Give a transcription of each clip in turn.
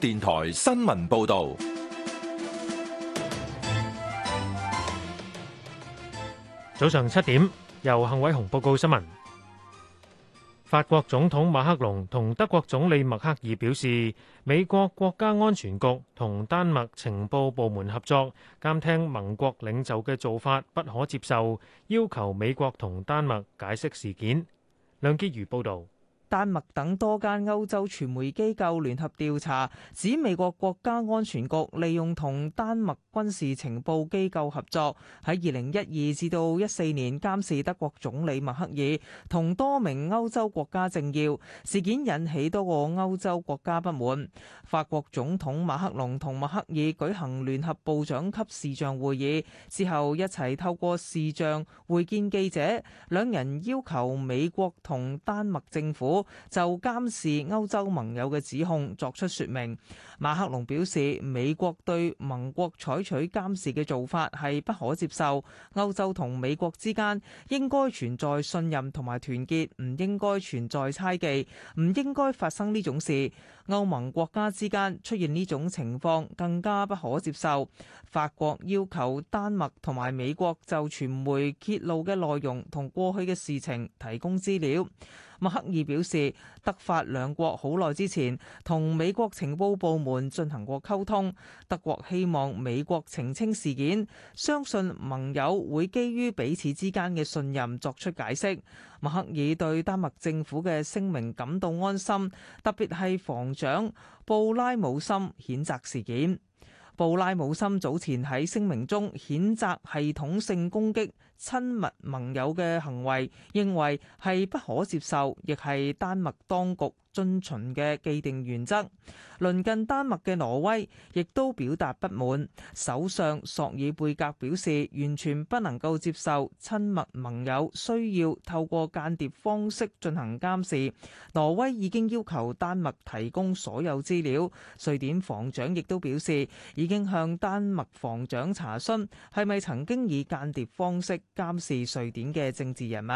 電台新聞報道，早上七點，由幸偉雄報告新聞。法國總統馬克龍同德國總理默克爾表示，美國國家安全局同丹麥情報部門合作監聽盟國領袖嘅做法不可接受，要求美國同丹麥解釋事件。梁潔如報道。丹麥等多間歐洲傳媒機構聯合調查，指美國國家安全局利用同丹麥軍事情報機構合作，喺二零一二至到一四年監視德國總理默克爾同多名歐洲國家政要。事件引起多個歐洲國家不滿。法國總統馬克龍同默克爾舉行聯合部長級視像會議，之後一齊透過視像會見記者。兩人要求美國同丹麥政府就監視歐洲盟友嘅指控作出説明，馬克龍表示，美國對盟國採取監視嘅做法係不可接受。歐洲同美國之間應該存在信任同埋團結，唔應該存在猜忌，唔應該發生呢種事。歐盟國家之間出現呢種情況更加不可接受。法國要求丹麥同埋美國就傳媒揭露嘅內容同過去嘅事情提供資料。默克爾表示，德法兩國好耐之前同美國情報部門進行過溝通，德國希望美國澄清事件，相信盟友會基於彼此之間嘅信任作出解釋，默克爾對丹麥政府嘅聲明感到安心，特別係防長布拉姆森譴責事件。布拉姆森早前喺聲明中譴責系統性攻擊親密盟友嘅行為，認為係不可接受，亦係丹麥當局遵循嘅既定原則，鄰近丹麥嘅挪威亦都表達不滿。首相索爾貝格表示，完全不能夠接受親密盟友需要透過間諜方式進行監視。挪威已經要求丹麥提供所有資料。瑞典防長亦都表示，已經向丹麥防長查詢係咪曾經以間諜方式監視瑞典嘅政治人物。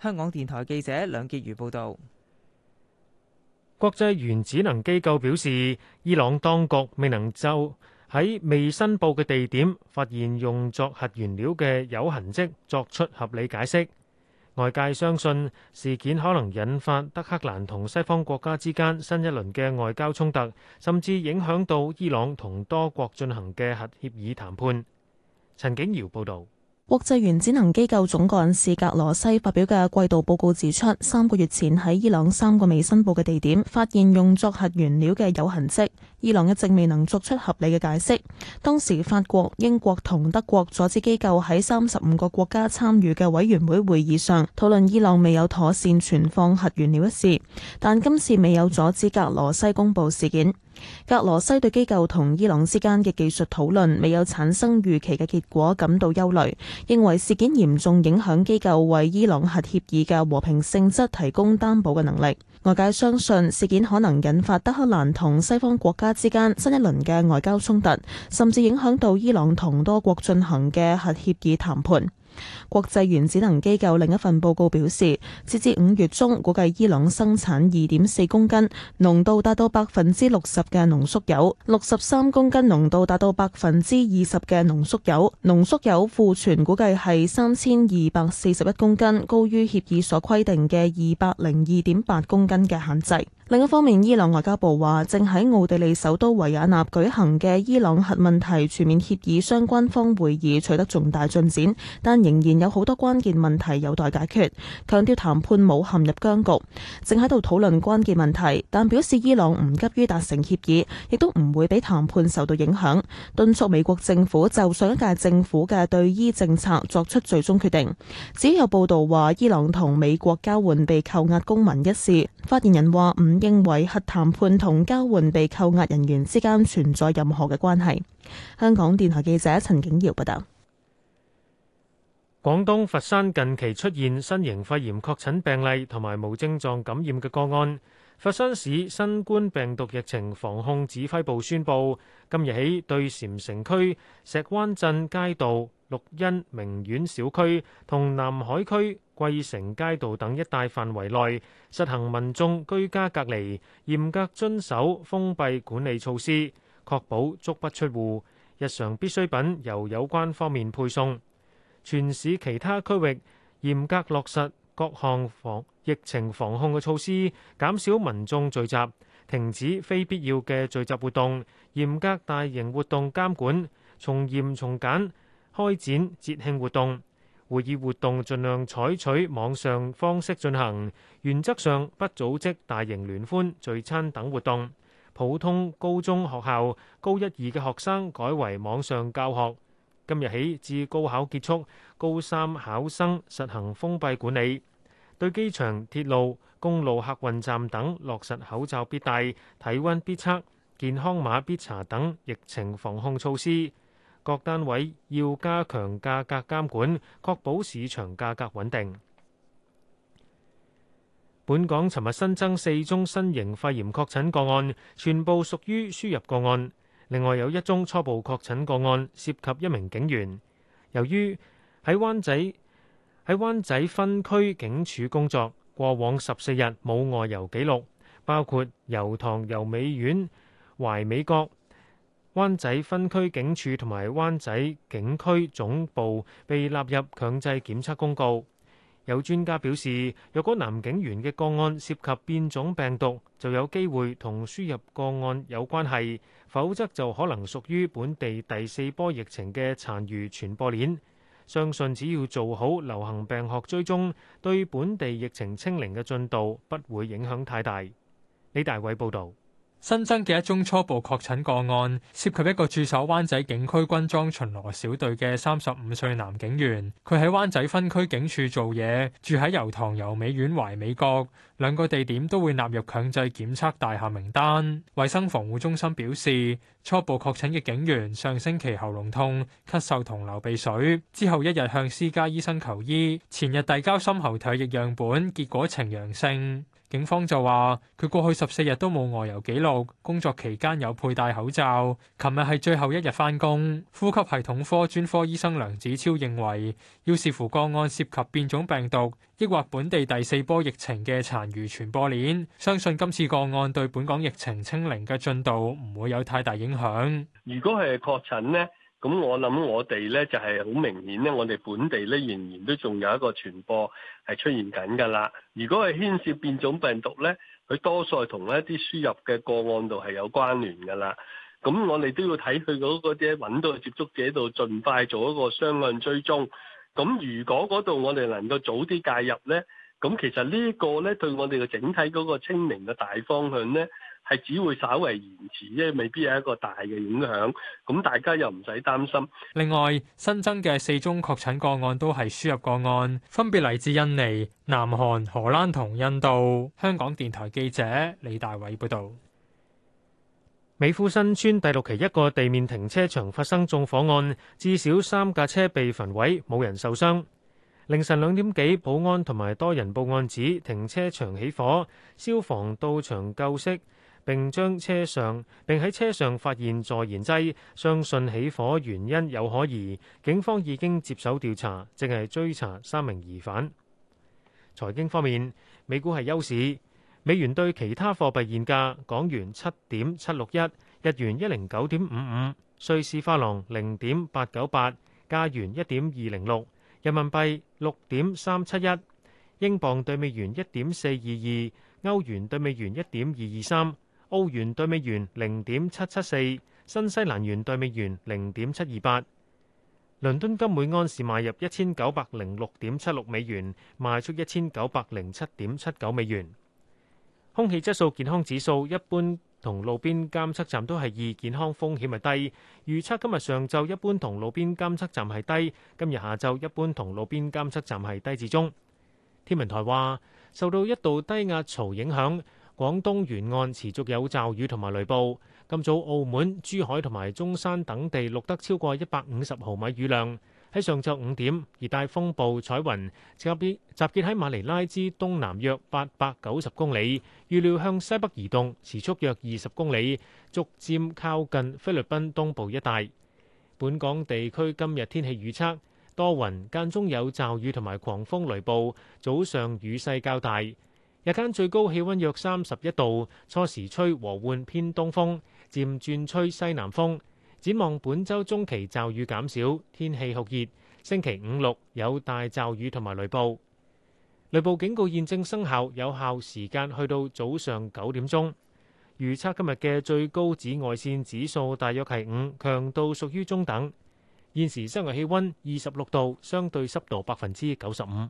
香港電台記者梁潔瑜報道。國際原子能機構表示，伊朗當局未能就喺未申報嘅地點發現用作核原料嘅有痕跡作出合理解釋。外界相信事件可能引發德黑蘭同西方國家之間新一輪嘅外交衝突，甚至影響到伊朗同多國進行嘅核協議談判。陳景瑤報道。國際原子能機構總幹事格羅西發表嘅季度報告指出，三個月前喺伊朗三個未申報嘅地點，發現用作核原料嘅鈾痕跡。伊朗一直未能作出合理嘅解釋。當時，法國、英國同德國阻止機構喺三十五個國家參與嘅委員會會議上討論伊朗未有妥善存放核原料一事，但今次未有阻止格羅西公布事件。格羅西對機構同伊朗之間嘅技術討論未有產生預期嘅結果感到憂慮，認為事件嚴重影響機構為伊朗核協議嘅和平性質提供擔保嘅能力。外界相信事件可能引發德黑蘭同西方國家之間新一輪嘅外交衝突，甚至影響到伊朗同多國進行嘅核協議談判。國際原子能機構另一份報告表示，截至五月中，估計伊朗生產二點四公斤濃度達到百分之六十嘅濃縮鈾，六十三公斤濃度達到百分之二十嘅濃縮鈾，濃縮鈾庫存估計係三千二百四十一公斤，高於協議所規定嘅二百零二點八公斤嘅限制。另一方面，伊朗外交部話，正喺奧地利首都維也納舉行嘅伊朗核問題全面協議相關方會議取得重大進展，但仍然有好多關鍵問題有待解決，強調談判冇陷入僵局，正喺度討論關鍵問題，但表示伊朗唔急於達成協議，亦都唔會俾談判受到影響，敦促美國政府就上一屆政府嘅對伊政策作出最終決定。至於有報道話伊朗同美國交換被扣押公民一事，發言人話唔。認為核談判同交換被扣押人員之間存在任何嘅關係。香港電台記者陳景瑤報道。廣東佛山近期出現新型肺炎確診病例同埋無症狀感染嘅個案，佛山市新冠病毒疫情防控指揮部宣布，今日起對禪城區、石灣鎮街道、綠茵名苑小區同南海區。桂城街道等一帶範圍內實行民眾居家隔離，嚴格遵守封閉管理措施，確保足不出戶。日常必需品由有關方面配送。全市其他區域嚴格落實各項防疫情防控嘅措施，減少民眾聚集，停止非必要嘅聚集活動，嚴格大型活動監管，從嚴從簡開展節慶活動。會議活動盡量採取網上方式進行，原則上不組織大型聯歡、聚餐等活動。普通高中學校高一、二嘅學生改為網上教學。今日起至高考結束，高三考生實行封閉管理。對機場、鐵路、公路客運站等，落實口罩必戴、體温必測、健康碼必查等疫情防控措施。各單位要加強價格監管，確保市場價格穩定。本港尋日新增四宗新型肺炎確診個案，全部屬於輸入個案。另外有一宗初步確診個案，涉及一名警員，由於喺灣仔喺灣仔分區警署工作，過往十四日冇外遊記錄，包括油塘、油美苑、懷美閣。灣仔分區警署同埋灣仔警區總部被納入強制檢測公告。有專家表示，若果男警員嘅個案涉及變種病毒，就有機會同輸入個案有關係；否則就可能屬於本地第四波疫情嘅殘餘傳播鏈。相信只要做好流行病學追蹤，對本地疫情清零嘅進度不會影響太大。李大偉報道。新增嘅一宗初步確診個案，涉及一個駐守灣仔警區軍裝巡邏小隊嘅三十五歲男警員。佢喺灣仔分區警署做嘢，住喺油塘油美苑懷美閣，兩個地點都會納入強制檢測大廈名單。衞生防護中心表示，初步確診嘅警員上星期喉嚨痛、咳嗽同流鼻水，之後一日向私家醫生求醫，前日遞交深喉唾液，液樣本，結果呈陽性。警方就話：佢過去十四日都冇外遊記錄，工作期間有佩戴口罩。琴日係最後一日返工。呼吸系統科專科醫生梁子超認為，要視乎個案涉及變種病毒，抑或本地第四波疫情嘅殘餘傳播鏈，相信今次個案對本港疫情清零嘅進度唔會有太大影響。如果係確診呢？咁我諗我哋呢就係好明顯呢，我哋本地呢仍然都仲有一個傳播係出現緊㗎啦。如果係牽涉變種病毒呢，佢多數係同一啲輸入嘅個案度係有關聯㗎啦。咁我哋都要睇佢嗰啲揾到嘅接觸者度，儘快做一個雙向追蹤。咁如果嗰度我哋能夠早啲介入呢，咁其實呢個呢對我哋嘅整體嗰個清零嘅大方向呢。係只會稍為延遲，即係未必係一個大嘅影響，咁大家又唔使擔心。另外新增嘅四宗確診個案都係輸入個案，分別嚟自印尼、南韓、荷蘭同印度。香港電台記者李大偉報導。美孚新村第六期一個地面停車場發生縱火案，至少三架車被焚毀，冇人受傷。凌晨兩點幾，保安同埋多人報案指停車場起火，消防到場救熄。並將車上並喺車上發現助燃劑，相信起火原因有可疑。警方已經接手調查，正係追查三名疑犯。財經方面，美股係休市。美元對其他貨幣現價：港元七點七六一，日元一零九點五五，瑞士法郎零點八九八，加元一點二零六，人民幣六點三七一，英鎊對美元一點四二二，歐元對美元一點二二三。歐元兌美元零點七七四，新西蘭元兌美元零點七二八。倫敦金每安士賣入一千九百零六點七六美元，賣出一千九百零七點七九美元。空氣質素健康指數一般同路邊監測站都係二，健康風險係低。預測今日上晝一般同路邊監測站係低，今日下晝一般同路邊監測站係低至中。天文台話，受到一度低壓槽影響。廣東沿岸持續有驟雨同埋雷暴。今早澳門、珠海同埋中山等地錄得超過一百五十毫米雨量。喺上晝五點，熱帶風暴彩雲集結喺馬尼拉之東南約八百九十公里，預料向西北移動，時速約二十公里，逐漸靠近菲律賓東部一帶。本港地區今日天氣預測多雲，間中有驟雨同埋狂風雷暴，早上雨勢較大。日間最高氣溫約三十一度，初時吹和緩偏東風，漸轉吹西南風。展望本周中期驟雨減少，天氣酷熱。星期五六有大驟雨同埋雷暴，雷暴警告現正生效，有效時間去到早上九點鐘。預測今日嘅最高紫外線指數大約係五，強度屬於中等。現時室外氣溫二十六度，相對濕度百分之九十五。